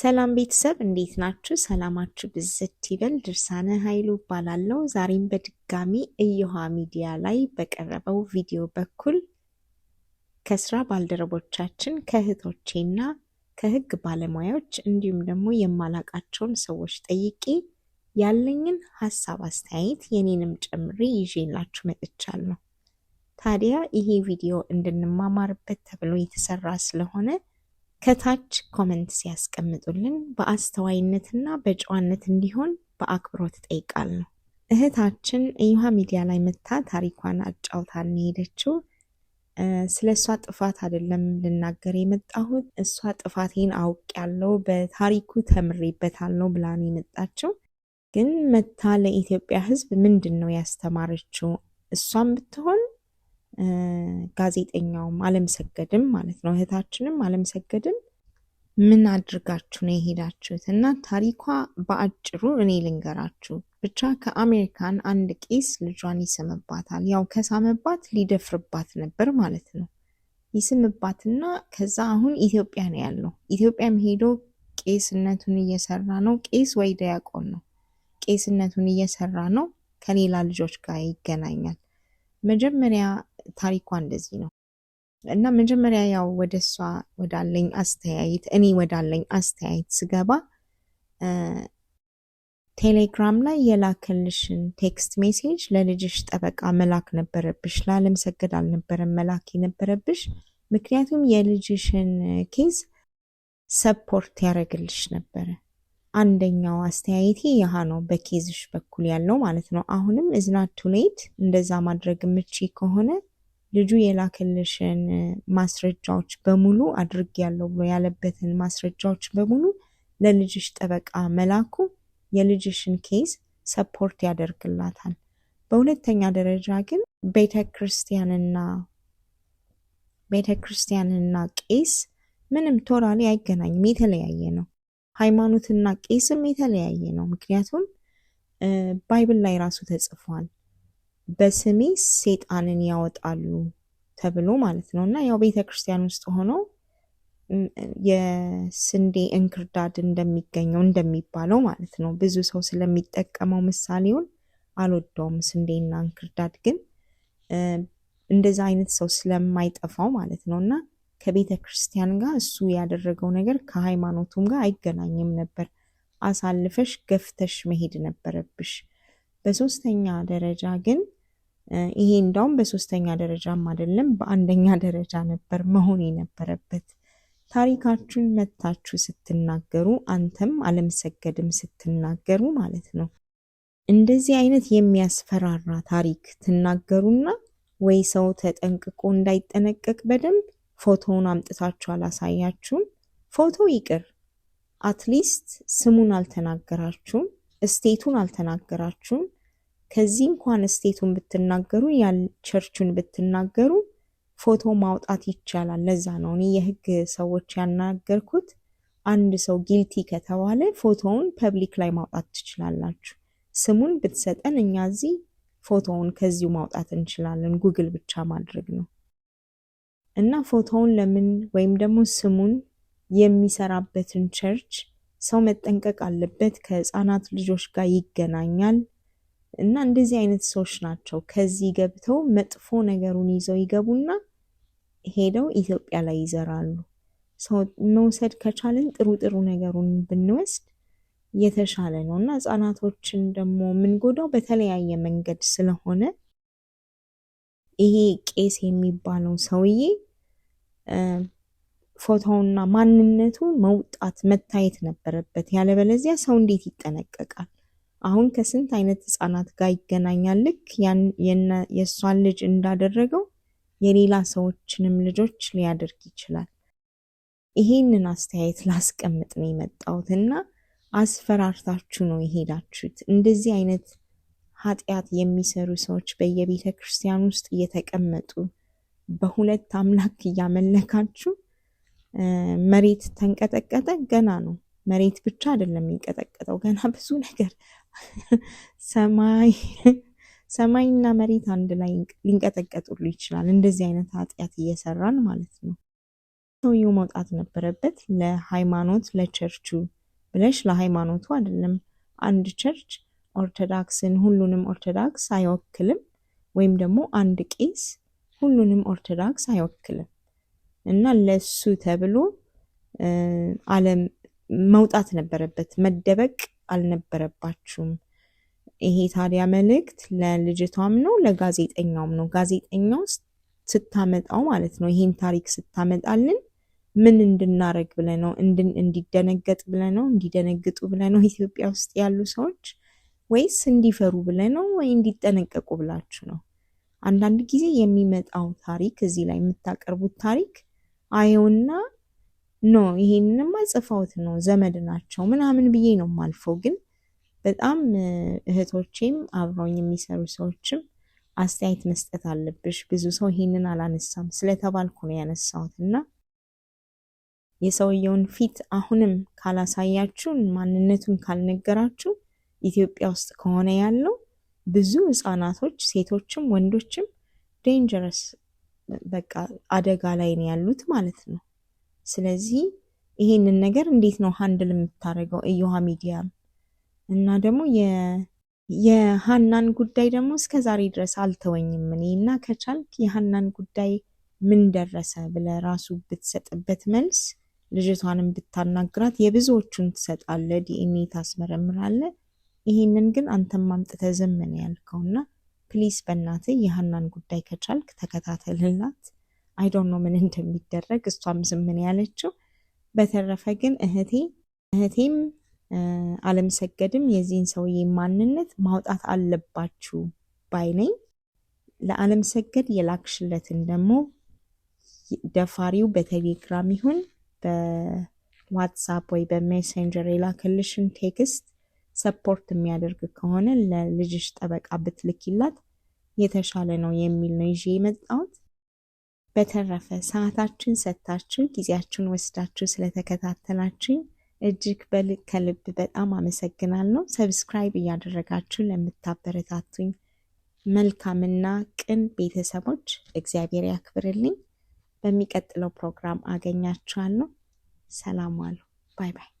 ሰላም ቤተሰብ እንዴት ናችሁ? ሰላማችሁ ብዝት ይበል። ድርሳነ ኃይሉ እባላለሁ። ዛሬም በድጋሚ እዮሃ ሚዲያ ላይ በቀረበው ቪዲዮ በኩል ከስራ ባልደረቦቻችን ከእህቶቼና ከህግ ባለሙያዎች እንዲሁም ደግሞ የማላቃቸውን ሰዎች ጠይቄ ያለኝን ሀሳብ አስተያየት የኔንም ጨምሬ ይዤላችሁ መጥቻለሁ። ታዲያ ይሄ ቪዲዮ እንድንማማርበት ተብሎ የተሰራ ስለሆነ ከታች ኮመንት ሲያስቀምጡልን በአስተዋይነትና በጨዋነት እንዲሆን በአክብሮት ነው። እህታችን እዩሃ ሚዲያ ላይ መታ ታሪኳን አጫውታ የሄደችው ስለ እሷ ጥፋት አይደለም ልናገር የመጣሁት እሷ ጥፋቴን አውቅ ያለው በታሪኩ ተምሬበታለሁ ብላ የመጣችው። ግን መታ ለኢትዮጵያ ሕዝብ ምንድን ነው ያስተማረችው? እሷም ብትሆን ጋዜጠኛውም አለምሰገድም ማለት ነው እህታችንም አለምሰገድም ምን አድርጋችሁ ነው የሄዳችሁት? እና ታሪኳ በአጭሩ እኔ ልንገራችሁ ብቻ። ከአሜሪካን አንድ ቄስ ልጇን ይስምባታል። ያው ከሳመባት ሊደፍርባት ነበር ማለት ነው። ይስምባትና ከዛ አሁን ኢትዮጵያ ነው ያለው። ኢትዮጵያም ሄዶ ቄስነቱን እየሰራ ነው። ቄስ ወይ ዲያቆን ነው። ቄስነቱን እየሰራ ነው። ከሌላ ልጆች ጋር ይገናኛል። መጀመሪያ ታሪኳ እንደዚህ ነው እና መጀመሪያ ያው ወደ እሷ ወዳለኝ አስተያየት እኔ ወዳለኝ አስተያየት ስገባ ቴሌግራም ላይ የላከልሽን ቴክስት ሜሴጅ ለልጅሽ ጠበቃ መላክ ነበረብሽ፣ ላለምሰገድ አልነበረም መላክ የነበረብሽ ምክንያቱም የልጅሽን ኬዝ ሰፖርት ያደረግልሽ ነበረ። አንደኛው አስተያየቴ ያህ ነው፣ በኬዝሽ በኩል ያለው ማለት ነው። አሁንም እዝናት ሌት እንደዛ ማድረግ ምቺ ከሆነ ልጁ የላክልሽን ማስረጃዎች በሙሉ አድርጌያለሁ ብሎ ያለበትን ማስረጃዎች በሙሉ ለልጅሽ ጠበቃ መላኩ የልጅሽን ኬዝ ሰፖርት ያደርግላታል። በሁለተኛ ደረጃ ግን ቤተ ክርስቲያንና ቤተ ክርስቲያንና ቄስ ምንም ቶራሊ አይገናኝም፣ የተለያየ ነው። ሃይማኖትና ቄስም የተለያየ ነው። ምክንያቱም ባይብል ላይ ራሱ ተጽፏል በስሜ ሴጣንን ያወጣሉ ተብሎ ማለት ነው እና ያው ቤተ ክርስቲያን ውስጥ ሆኖ የስንዴ እንክርዳድ እንደሚገኘው እንደሚባለው ማለት ነው። ብዙ ሰው ስለሚጠቀመው ምሳሌውን አልወደውም። ስንዴና እንክርዳድ ግን እንደዛ አይነት ሰው ስለማይጠፋው ማለት ነው እና ከቤተ ክርስቲያን ጋር እሱ ያደረገው ነገር ከሃይማኖቱም ጋር አይገናኝም ነበር። አሳልፈሽ ገፍተሽ መሄድ ነበረብሽ። በሶስተኛ ደረጃ ግን ይሄ እንዳውም በሶስተኛ ደረጃም አይደለም በአንደኛ ደረጃ ነበር መሆን የነበረበት። ታሪካችሁን መታችሁ ስትናገሩ፣ አንተም አለምሰገድም ስትናገሩ ማለት ነው። እንደዚህ አይነት የሚያስፈራራ ታሪክ ትናገሩና ወይ ሰው ተጠንቅቆ እንዳይጠነቀቅ በደንብ ፎቶውን አምጥታችሁ አላሳያችሁም። ፎቶ ይቅር፣ አትሊስት ስሙን አልተናገራችሁም። እስቴቱን አልተናገራችሁም። ከዚህ እንኳን እስቴቱን ብትናገሩ ያን ቸርቹን ብትናገሩ ፎቶ ማውጣት ይቻላል። ለዛ ነው እኔ የህግ ሰዎች ያናገርኩት። አንድ ሰው ጊልቲ ከተባለ ፎቶውን ፐብሊክ ላይ ማውጣት ትችላላችሁ። ስሙን ብትሰጠን እኛ እዚህ ፎቶውን ከዚሁ ማውጣት እንችላለን። ጉግል ብቻ ማድረግ ነው እና ፎቶውን ለምን ወይም ደግሞ ስሙን የሚሰራበትን ቸርች ሰው መጠንቀቅ አለበት፣ ከህፃናት ልጆች ጋር ይገናኛል እና እንደዚህ አይነት ሰዎች ናቸው ከዚህ ገብተው መጥፎ ነገሩን ይዘው ይገቡና ሄደው ኢትዮጵያ ላይ ይዘራሉ። ሰው መውሰድ ከቻልን ጥሩ ጥሩ ነገሩን ብንወስድ የተሻለ ነው እና ህጻናቶችን ደግሞ የምንጎዳው በተለያየ መንገድ ስለሆነ ይሄ ቄስ የሚባለው ሰውዬ ፎቶውና ማንነቱ መውጣት መታየት ነበረበት። ያለበለዚያ ሰው እንዴት ይጠነቀቃል? አሁን ከስንት አይነት ህጻናት ጋር ይገናኛል። ልክ የእሷን ልጅ እንዳደረገው የሌላ ሰዎችንም ልጆች ሊያደርግ ይችላል። ይሄንን አስተያየት ላስቀምጥ ነው የመጣሁት እና አስፈራርታችሁ ነው የሄዳችሁት። እንደዚህ አይነት ኃጢአት የሚሰሩ ሰዎች በየቤተ ክርስቲያን ውስጥ እየተቀመጡ በሁለት አምላክ እያመለካችሁ መሬት ተንቀጠቀጠ ገና ነው። መሬት ብቻ አይደለም የሚንቀጠቀጠው፣ ገና ብዙ ነገር ሰማይ ሰማይና መሬት አንድ ላይ ሊንቀጠቀጡሉ ይችላል። እንደዚህ አይነት ኃጢአት እየሰራን ማለት ነው። ሰውየው መውጣት ነበረበት። ለሃይማኖት ለቸርቹ ብለሽ ለሃይማኖቱ አይደለም። አንድ ቸርች ኦርቶዶክስን ሁሉንም ኦርቶዶክስ አይወክልም፣ ወይም ደግሞ አንድ ቄስ ሁሉንም ኦርቶዶክስ አይወክልም። እና ለሱ ተብሎ ዓለም መውጣት ነበረበት፣ መደበቅ አልነበረባችሁም። ይሄ ታዲያ መልእክት ለልጅቷም ነው ለጋዜጠኛውም ነው። ጋዜጠኛው ስታመጣው ማለት ነው ይሄን ታሪክ ስታመጣልን ምን እንድናረግ ብለ ነው እንዲደነገጥ ብለ ነው እንዲደነግጡ ብለ ነው ኢትዮጵያ ውስጥ ያሉ ሰዎች ወይስ እንዲፈሩ ብለ ነው ወይ እንዲጠነቀቁ ብላችሁ ነው? አንዳንድ ጊዜ የሚመጣው ታሪክ እዚህ ላይ የምታቀርቡት ታሪክ አየውና ኖ ይሄንንማ ጽፈውት ነው ዘመድ ናቸው ምናምን ብዬ ነው ማልፈው። ግን በጣም እህቶቼም አብረውኝ የሚሰሩ ሰዎችም አስተያየት መስጠት አለብሽ፣ ብዙ ሰው ይሄንን አላነሳም ስለተባልኩ ነው ያነሳሁት። እና የሰውየውን ፊት አሁንም ካላሳያችሁ፣ ማንነቱን ካልነገራችሁ ኢትዮጵያ ውስጥ ከሆነ ያለው ብዙ ህጻናቶች ሴቶችም ወንዶችም ዴንጀረስ በቃ አደጋ ላይ ነው ያሉት ማለት ነው። ስለዚህ ይሄንን ነገር እንዴት ነው ሀንድል የምታደርገው እዮሃ ሚዲያም እና ደግሞ የሀናን ጉዳይ ደግሞ እስከ ዛሬ ድረስ አልተወኝም እኔ እና ከቻልክ የሀናን ጉዳይ ምን ደረሰ ብለ ራሱ ብትሰጥበት መልስ ልጅቷንም ብታናግራት የብዙዎቹን ትሰጣለ፣ ዲኤንኤ ታስመረምራለ። ይሄንን ግን አንተም አምጥተህ ዝም ያልከውና ፕሊስ በእናት የሀናን ጉዳይ ከቻልክ ተከታተልላት። አይዶን ነው ምን እንደሚደረግ እሷም ዝምን ያለችው። በተረፈ ግን እህቴ እህቴም አለምሰገድም የዚህን ሰውዬ ማንነት ማውጣት አለባችሁ ባይ ነኝ። ለአለምሰገድ የላክሽለትን ደግሞ ደፋሪው በቴሌግራም ይሁን በዋትሳፕ ወይ በሜሴንጀር የላክልሽን ቴክስት ሰፖርት የሚያደርግ ከሆነ ለልጅሽ ጠበቃ ብትልኪላት የተሻለ ነው የሚል ነው ይዤ የመጣሁት። በተረፈ ሰዓታችን ሰጥታችሁ ጊዜያችሁን ወስዳችሁ ስለተከታተላችሁ እጅግ ከልብ በጣም አመሰግናለሁ። ሰብስክራይብ እያደረጋችሁ ለምታበረታቱኝ መልካምና ቅን ቤተሰቦች እግዚአብሔር ያክብርልኝ። በሚቀጥለው ፕሮግራም አገኛችኋለሁ። ሰላም ዋሉ። ባይ ባይ።